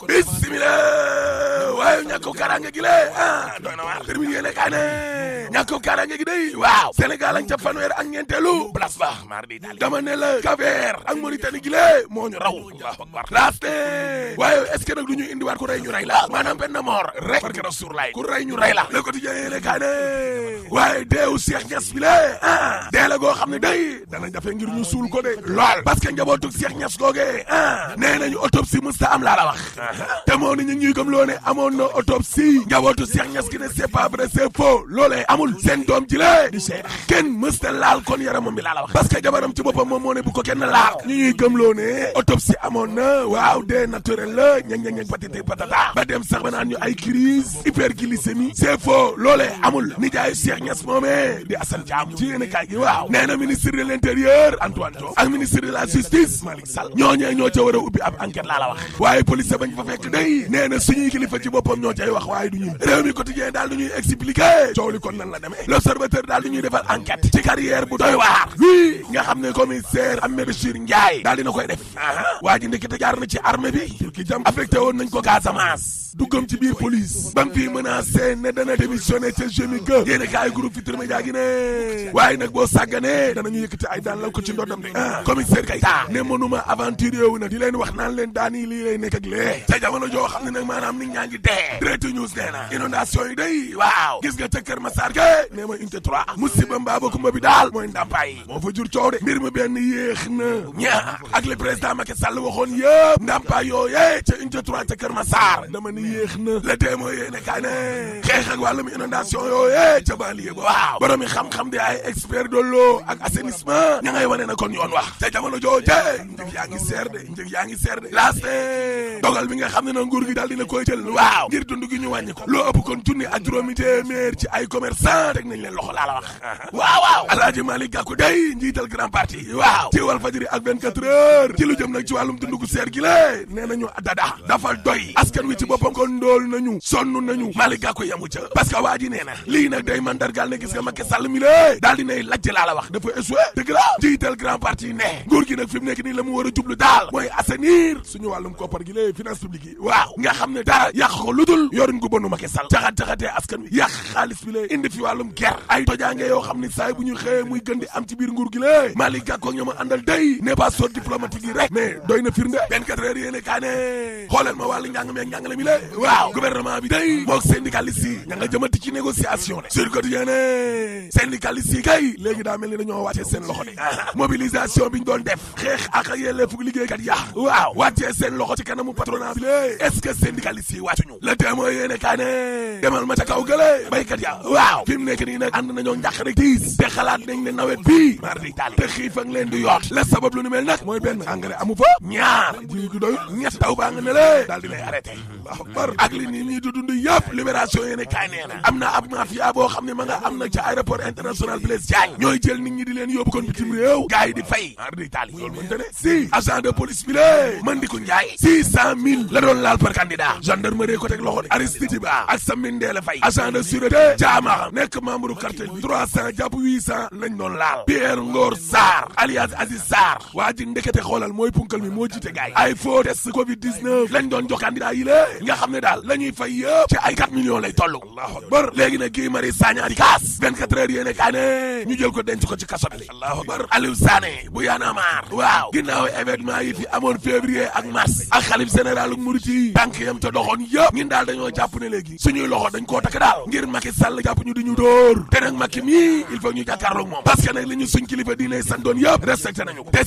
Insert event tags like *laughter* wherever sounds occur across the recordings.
bisimilaa. ñàkko karange gi lée ah doy na waar termine yéene kay ne ñàkko karange gi day waaw Sénégal lañ ca fanweer ak ñeenteelu place ba mardi daal dama ne la Cap-Vert ak Mauritanie gi lée moo ñu raw laaste waaye est-ce que nag du ñu indiwaat ku rey ñu rey la maanaam benn mort rek barke Rasuul laay ku rey ñu rey la Le Quotidien yéene kay ne waaye deewu Cheikh Niass bi lée ah, goo xam ne day dana jafe ngir ñu suul ko de lool parce que njabootug Cheikh Niass googee ah nee nañu am laa la wax ah, ah. te moo ni ñu ngi ñuy gëm loo amoon na autopsie njabootu Cheikh Niass gi ne c'est pas vrai c'est faux amul seen doom ji la kenn mës laal kon yaramam bi laa jabaram ci boppam moom moo bu ko kenn laal ñu ñuy gëmloo ne amoon na waaw dee naturel la ñang ñang ñang patata ba dem sax ba naan ñu ay crise hyperglycémie c'est faux loolee amul nijaayu Cheikh Niass moomee di Assane Thiam ci yéen kaay gi waaw nee ministre de l'intérieur ak ministre de la justice Malick Sall ñooñee a ubbi ab enquête laa la wax waaye police bañ ñoo cay wax waaye du ñun réew mi quotidien daal du ñuy expliquer coow li kon nan la demee l'observateur daal du ñuy defal enquête ci carrière bu doy waar lii nga xam ne commissaire Ahmed Bachir Ndiaye daal dina koy def waa ji ndekete jaar na ci armée bi turki jam affecté woon nañ ko Casamance duggam ci biir police bam fii menacé ne dana démissionné ca jemi que a kaay groupe Futurs Médias gi ne nag boo sàgganee danañu yëkkati ay daan law ko ci ndoddam de ah commissaire kay ne mënuma aventure yow nag di leen wax naan leen daan yi lii lay nekk lee ca jamono joo xam ne nag maanaam nit ñaa ngi dee direct news nee na inondation yi day gis nga ca Kër Massar ke nee ma unité 3 musiba mbaa ba kumba bi daal mooy ndàmpaay moo ca unité 3 yéex na le téemo yéene kaa ne xeex ak wàllum inondation yooyee ca banlieue di expert de l'eau ak assainissement ña ngay wane na kon yoon wax ca jamono jooje njëg yaa ngi dogal bi nga xam ne na nguur gi daal dina koy jël waaw ngir dund gi ñu wàññi ko loo ëpp kon junni ak juróomi téeméer ci ay commerçant teg nañ leen grand parti waaw ci wal fajiri ak 24 lu jëm nag ci wàllum dund gu seer gi doy askan wi ci kon dool nañu sonn nañu Malick Gakou yamu ca parce que waa ji nee na lii nag day mandargaal ne gis nga Macky Sall mi lée daal dinay lajj laa la wax dafa échoué dëgg la jiital grand parti ne nguur gi nag fi mu nekk nii la mu war a jublu daal mooy assainir suñu wàllum koppar gi finance publique yi waaw nga xam ne dara yàq ko lu dul yorin gu bonu Macky Sall jaxat-jaxatee askan wi yàq xaalis bi lée indi fi wàllum ger ay tojaange yoo xam ne saay bu ñu xëyee muy gën di am ci biir nguur gi lée Malick Gakou ñoo ma àndal day ma wàllu njàng meeg njàngale de waaw gouvernement bi day mook syndicaliste yi ña nga jëmati ci négociation de sur quotidien ne syndicaliste yi léegi daa mel ni dañoo wàccee seen loxo de ah. mobilisation bi ñu doon def xeex ak yelleefu liggéeykat ya waaw wàccee seen loxo ci kanamu patronat bi lée est-ce que syndicaliste yi wàccuñu le témoin yéene kaa ne demal ma ca kaw gële béykat ya waaw fi mu nekk nii nag ànd nañoo njàq rek tiis te xalaat ne nawet bii mardi taal te xiif le leen di yoot la sabab lu ni mel nag mooy akbar ak li nit ñi di dund yëpp libération yéene kaay nee am na ab mafia boo xam ne ma nga am na ca aéroport international Blaise ñooy jël nit ñi di leen yóbbu kon bitim réew gars yi di fay ar di taali loolu mënta ne si agent de police bi lé di ko njaay six cent mille la doon laal par candidat gendarmerie ko teg loxo de Aristide Ba ak Samine Ndéla Faye agent de sûreté jaama nekk membre cartel bi trois cent jàpp huit cent lañ doon laal Pierre Ngor Sarr alias Aziz Sarr waa mooy punkal moo jiite gars doon jox candidat yi lée xam ne daal la ñuy fay yëpp ci ay 4 millions lay toll allahu akbar léegi nag Guy Marius Sagna kaas 24 heures jël ko denc ko ci kaso bi allahu akbar Aliou Sané bu Y'en a marre waaw ginnaaw ak mars ak xalif général ak murit yi tànk yam ca doxoon ñun daal dañoo jàpp ne léegi loxo dañ koo takk daal ngir Macky Sall jàpp ñu di ñu dóor te nag li ñu suñ kilifa diine santoon yëpp respecté nañu ko te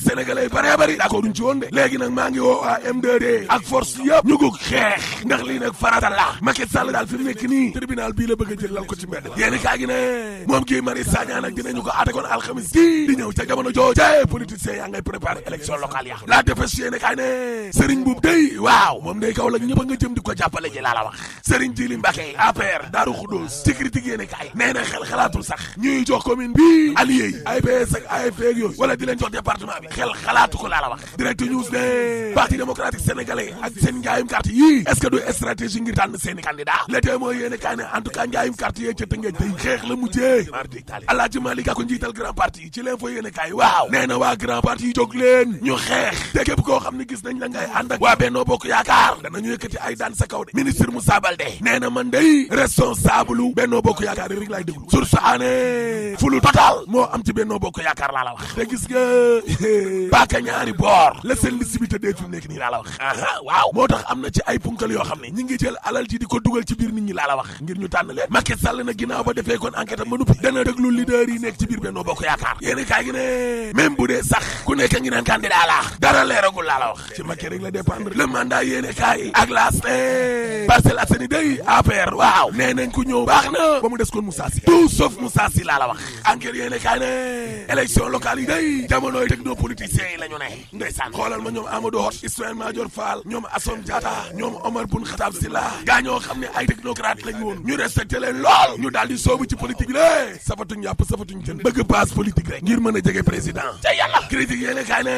maa ngi woo a m 2 ak force yëpp ñu gug xeex ndax lii nag la Macky Sall daal fi mu nekk nii tribunal bii la bëgg a jël lal ko ci mbedd yéeni kaa gi ne moom Guy Marius Sagna nag dinañu ko àtte koon alxamis di di ñëw ca jamono jooje politiciens yaa ngay préparé élection locale ya la defes yéene kaay ne Serigne Boub day waaw moom day kaw la ñëpp a jëm di ko jàppale ji laa wax Serigne Djili Mbacké APR Daaru Xudoos ci critique yéene kaay nee na xel xalaatul sax ñuy jox commune bi allié yi APS ak AFP ak stratégie ngir tànn seeni candidat le témoin yéen a njaayum carte yee ca tëngeej day xeex la mujjee mardi tali alaaji Malick njiital grand parti ci l'info yéen a waaw nee waa grand parti yi jóg leen ñu xeex te képp koo xam ne gis nañ la ngay ànd ak waa Benno Bokk Yaakaar danañu yëkkati ay daan sa kaw de ministre Moussa Baldé nee man day responsable Benno Bokk Yaakaar yi rek laay déglu source fulu total moo am ci Benno Bokk Yaakaar la wax te gis nga *laughs* paaka ñaari boor la seen lisibilité dee fi mu nekk nii la wax waaw moo tax xam ne ñi ngi jël alal ji di ko dugal ci biir nit ñi laa la wax ngir ñu tànn leen Macky Sall na ginnaaw ba defee kon enquête am nuppi dana déglu leader yi nekk ci biir Benno Bokk Yaakaar yéen kaay gi ne même bu dee sax ku nekk ngi naan candidat laa dara leeragul laa la wax ci Macky rek la dépendre le mandat yéen ak laas Parcelles Assainies day APR waaw nee ku ñëw baax na ba mu des kon Moussa Sy tout sauf laa la wax enquête yéen kaay ne élection locale yi day la ñu ne ndeysaan xoolal ma Xataab Silla gaa ñoo xam ne ay technocrate lañ woon ñu respecté leen lool ñu daal soobu ci politique lé safatuñ yàpp safatuñ jën bëgg base politique rek ngir mën a jege président ca yàlla critique yéene kaay ne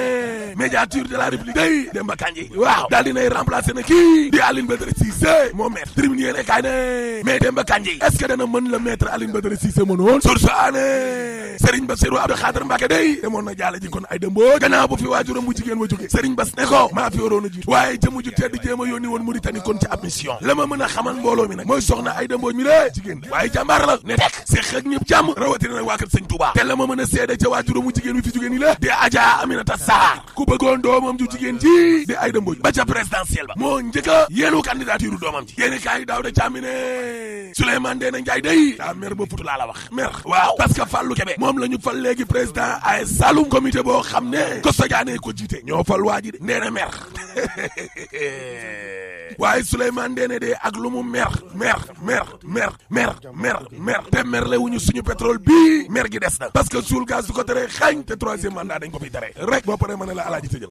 médiature de la république day Demba Kandji waaw daal nay remplacé na kii di Aline Badara Cissé moo maître tribune yéene kaay ne mais Demba Kandji est-ce dana mën la maître Aline Badara Cissé mënoon source aane Serigne Bassirou Abdou Khadre Mbacké day demoon na jaale maa fi waroon a jiitu a am ci ab la ma mën a xamal mbooloo mi nag mooy soxna Ayda Mbooj mi lée jigéen la waaye jàmbaar la ne tek seq ak ñëpp jàmm rawatina waa kër Sëñ Tuubaa te la ma mën a seede ca waajuramu jigéen wi fi jigéen yi la di Adja Aminata Sarr ku bëggoon doomam ju jigéen ji di Ayda Mbooj ba ca présidentielle ba moo njëkk a yeenu candidature doomam ji yéeni kaay daaw da càmmine Souleymane na Ndiaye day daa mer ba futu laa la wax mer waaw parce que Fallou Kébé moom la ñu fal léegi président ay Saloum comité boo xam ne ko sojaane ko jiite ñoo fal waa ji de nee na mer *laughs* Souleymane Ndéné de ak lu mu mer mer mer mer mer mer mer te merle wuñu suñu pétrole bii mer gi des na parce que suul gaz du ko tere xañ te troisième mandat dañ ko fiy tere rek boo paree ma la alaaji tëjal